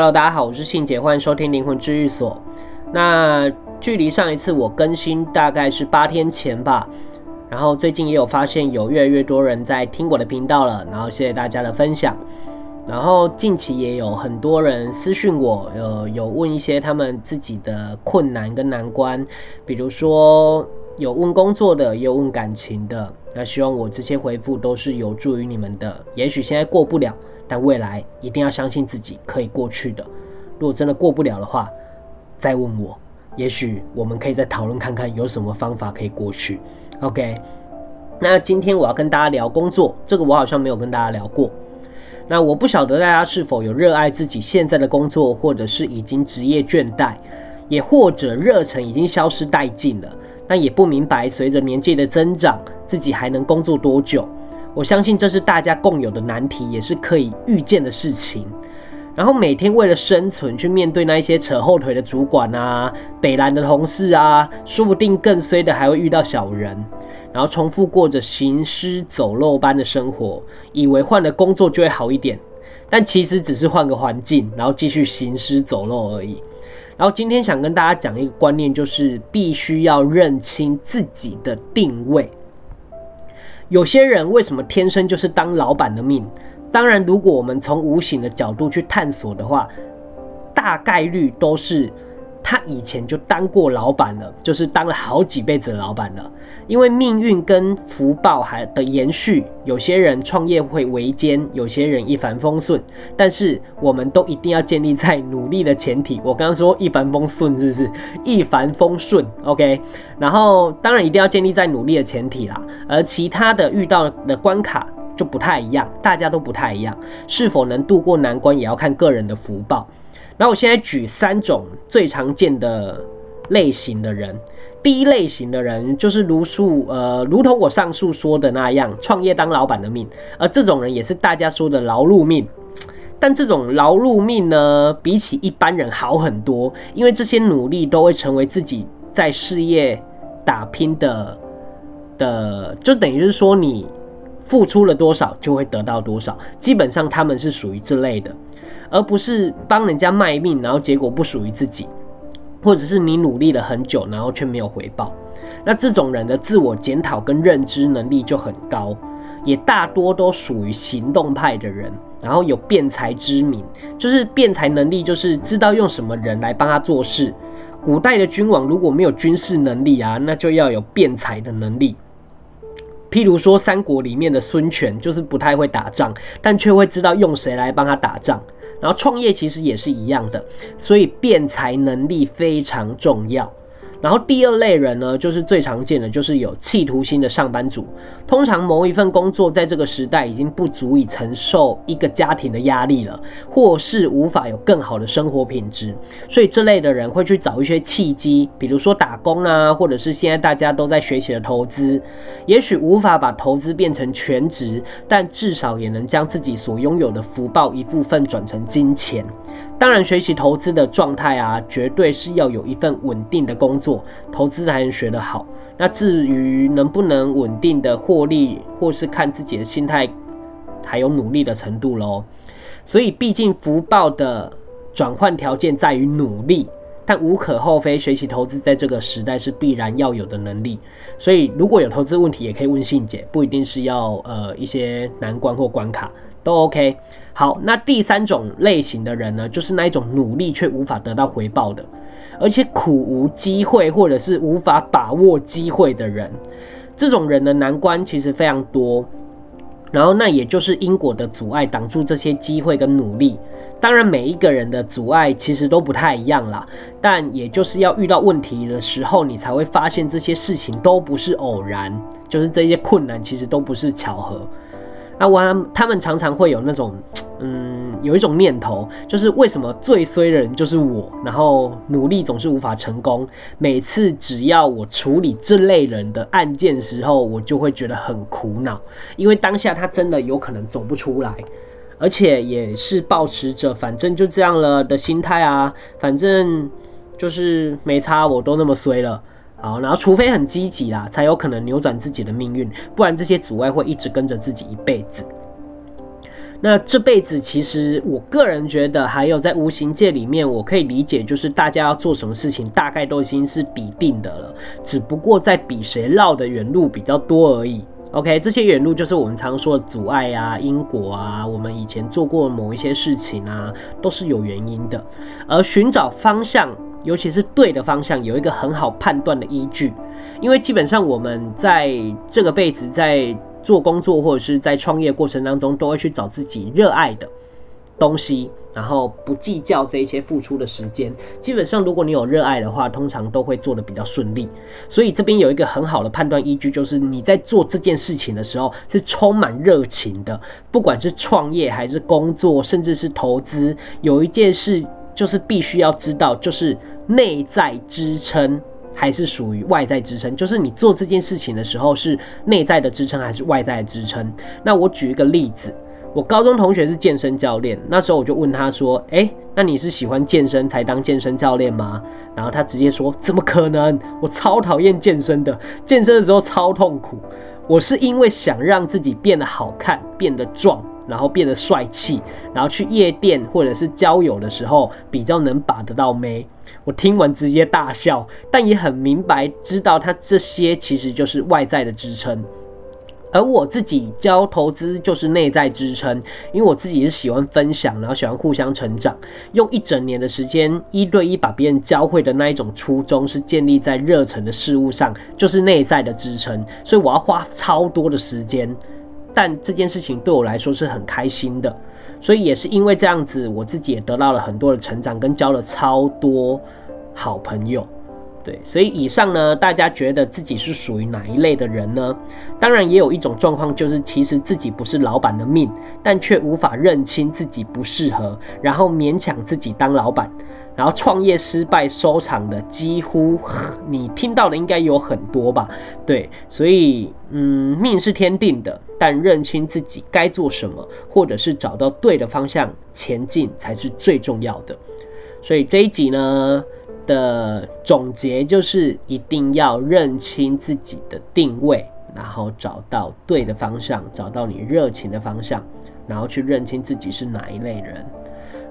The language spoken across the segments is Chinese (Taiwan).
Hello，大家好，我是信姐，歡迎收聽靈魂治癒所。那距離上一次我更新大概是八天前吧，然後最近也有發現有越來越多人在聽我的頻道了，然後謝謝大家的分享。然後近期也有很多人私訊我，有有問一些他們自己的困難跟難關，比如說。有問工作的，也有問感情的。那希望我這些回覆都是有助於你們的。也許現在過不了，但未來一定要相信自己可以過去的。如果真的過不了的話，再問我。也許我們可以再討論看看有什麼方法可以過去。OK，那今天我要跟大家聊工作，這個我好像沒有跟大家聊過。那我不曉得大家是否有熱愛自己現在的工作，或者是已經職業倦怠，也或者熱忱已經消失殆盡了。但也不明白，隨着年紀的增長，自己還能工作多久？我相信這是大家共有的難題，也是可以預見的事情。然後每天為了生存，去面對那一些扯後腿的主管啊、北蘭的同事啊，說不定更衰的還會遇到小人，然後重複過着行屍走肉般的生活，以為換了工作就會好一點，但其實只是換個環境，然後繼續行屍走肉而已。然後今天想跟大家講一個觀念，就是必須要認清自己的定位。有些人為什麼天生就是當老闆的命？當然，如果我們從無形的角度去探索的話，大概率都是。他以前就當過老闆了，就是當了好幾輩子的老闆了。因為命運跟福報還的延續，有些人創業會維艱，有些人一帆風順。但是我們都一定要建立在努力的前提。我剛剛說一帆風順是不是一帆風順？OK，然後當然一定要建立在努力的前提啦。而其他的遇到的關卡就不太一樣，大家都不太一樣。是否能度過難關，也要看個人的福報。那我現在舉三種最常見的類型的人。第一類型的人就是如數，呃，如同我上述說的那樣，創業當老闆的命，而這種人也是大家說的勞碌命。但這種勞碌命呢，比起一般人好很多，因為這些努力都會成為自己在事業打拼的的，就等於是說你。付出了多少就會得到多少，基本上他們是屬於這類的，而不是幫人家賣命，然後結果不屬於自己，或者是你努力了很久，然後卻沒有回報。那這種人的自我檢討跟認知能力就很高，也大多都屬於行動派的人，然後有辨才之明，就是辨才能力，就是知道用什麼人來幫他做事。古代的君王如果沒有軍事能力啊，那就要有辨才的能力。譬如說，三國裡面的孫權就是不太會打仗，但卻會知道用誰來幫他打仗。然後創業其實也是一樣的，所以辨才能力非常重要。然後第二類人呢，就是最常見的，就是有企圖心的上班族。通常某一份工作在這個時代已經不足以承受一個家庭的壓力了，或是無法有更好的生活品質，所以這類的人會去找一些契機，比如說打工啊，或者是現在大家都在學習的投資。也許無法把投資變成全職，但至少也能將自己所擁有的福報一部分轉成金錢。當然，學習投資的狀態啊，絕對是要有一份穩定的工作。做投資才能學得好。那至於能不能穩定的獲利，或是看自己的心態還有努力的程度嘍。所以，畢竟福報的轉換條件在於努力，但無可厚非，學習投資在這個時代是必然要有的能力。所以，如果有投資問題，也可以問信姐，不一定是要呃一些難關或關卡都 OK。好，那第三種類型的人呢，就是那一種努力卻無法得到回報的。而且苦無機會，或者是無法把握機會的人，這種人的難關其實非常多。然後，那也就是因果的阻礙擋住這些機會跟努力。當然，每一個人的阻礙其實都不太一樣啦。但也就是要遇到問題的時候，你才會發現這些事情都不是偶然，就是這些困難其實都不是巧合。啊，我他們常常會有那種，嗯，有一種念頭，就是為什麼最衰的人就是我？然後努力總是無法成功，每次只要我處理這類人的案件時候，我就會覺得很苦惱，因為當下他真的有可能走不出來，而且也是保持着反正就這樣了的心態啊，反正就是沒差，我都那麼衰了。好，然後除非很積極啦，才有可能扭轉自己的命運，不然這些阻礙會一直跟着自己一輩子。那這輩子，其實我個人覺得，還有在無形界裡面，我可以理解，就是大家要做什麼事情，大概都已經是必定的了，只不過在比誰繞的遠路比較多而已。OK，這些遠路就是我們常說的阻礙啊、因果啊，我們以前做過的某一些事情啊，都是有原因的，而尋找方向。尤其是對的方向有一個很好判斷的依據，因為基本上我們在這個輩子在做工作或者是在創業過程當中，都會去找自己熱愛的東西，然後不計較這一些付出的時間。基本上，如果你有熱愛的話，通常都會做得比較順利。所以這邊有一個很好的判斷依據，就是你在做這件事情的時候是充滿熱情的，不管是創業還是工作，甚至是投資，有一件事就是必須要知道，就是。內在支撐還是屬於外在支撐？就是你做這件事情的時候是內在的支撐還是外在的支撐？那我舉一個例子，我高中同學是健身教練，那時候我就問他說：“誒、欸，那你是喜歡健身才當健身教練嗎？”然後他直接說：“怎麼可能？我超討厭健身的，健身的時候超痛苦。我是因為想讓自己變得好看、變得壯，然後變得帥氣，然後去夜店或者是交友的時候比較能把得到妹。”我聽完直接大笑，但也很明白，知道他這些其實就是外在的支撐，而我自己教投資就是內在支撐，因為我自己也是喜歡分享，然後喜歡互相成長，用一整年的時間一對一把別人教會的那一種初衷是建立在熱忱的事物上，就是內在的支撐，所以我要花超多的時間，但這件事情對我來說是很開心的。所以也是因為這樣子，我自己也得到了很多的成長，跟交了超多好朋友。對，所以以上呢，大家覺得自己是屬於哪一類的人呢？當然，也有一種狀況，就是其實自己不是老闆的命，但卻無法認清自己不適合，然後勉強自己當老闆，然後創業失敗收場的，幾乎你聽到的應該有很多吧？對，所以嗯，命是天定的，但認清自己該做什麼，或者是找到對的方向前進，才是最重要的。所以這一集呢，的總結就是一定要認清自己的定位，然後找到對的方向，找到你熱情的方向，然後去認清自己是哪一類人。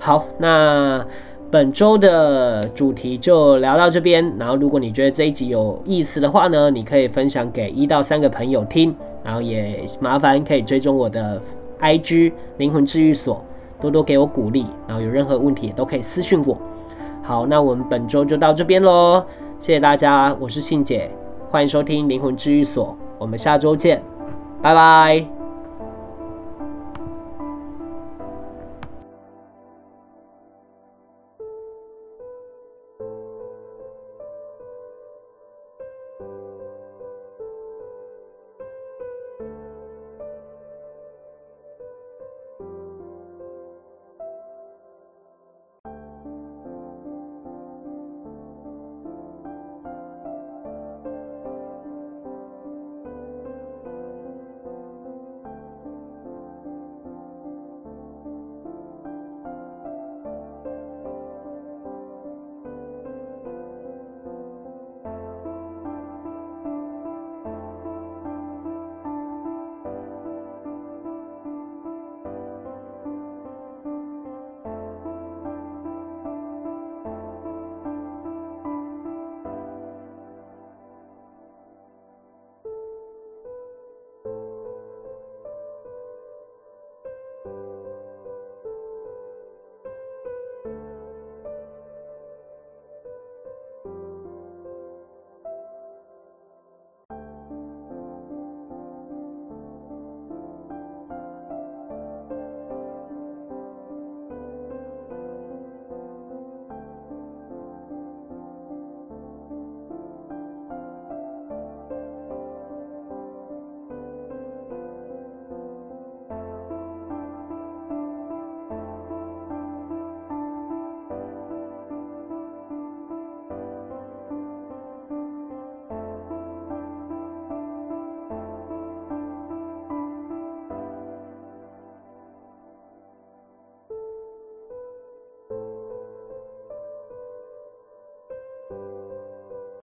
好，那本周的主題就聊到這邊。然後，如果你覺得這一集有意思的話呢，你可以分享給一到三個朋友聽。然後，也麻煩可以追蹤我的 IG 靈魂治癒所，多多給我鼓勵。然後，有任何問題也都可以私訊我。好，那我們本周就到這邊嘍，謝謝大家，我是信姐，歡迎收聽靈魂治癒所，我們下周見，拜拜。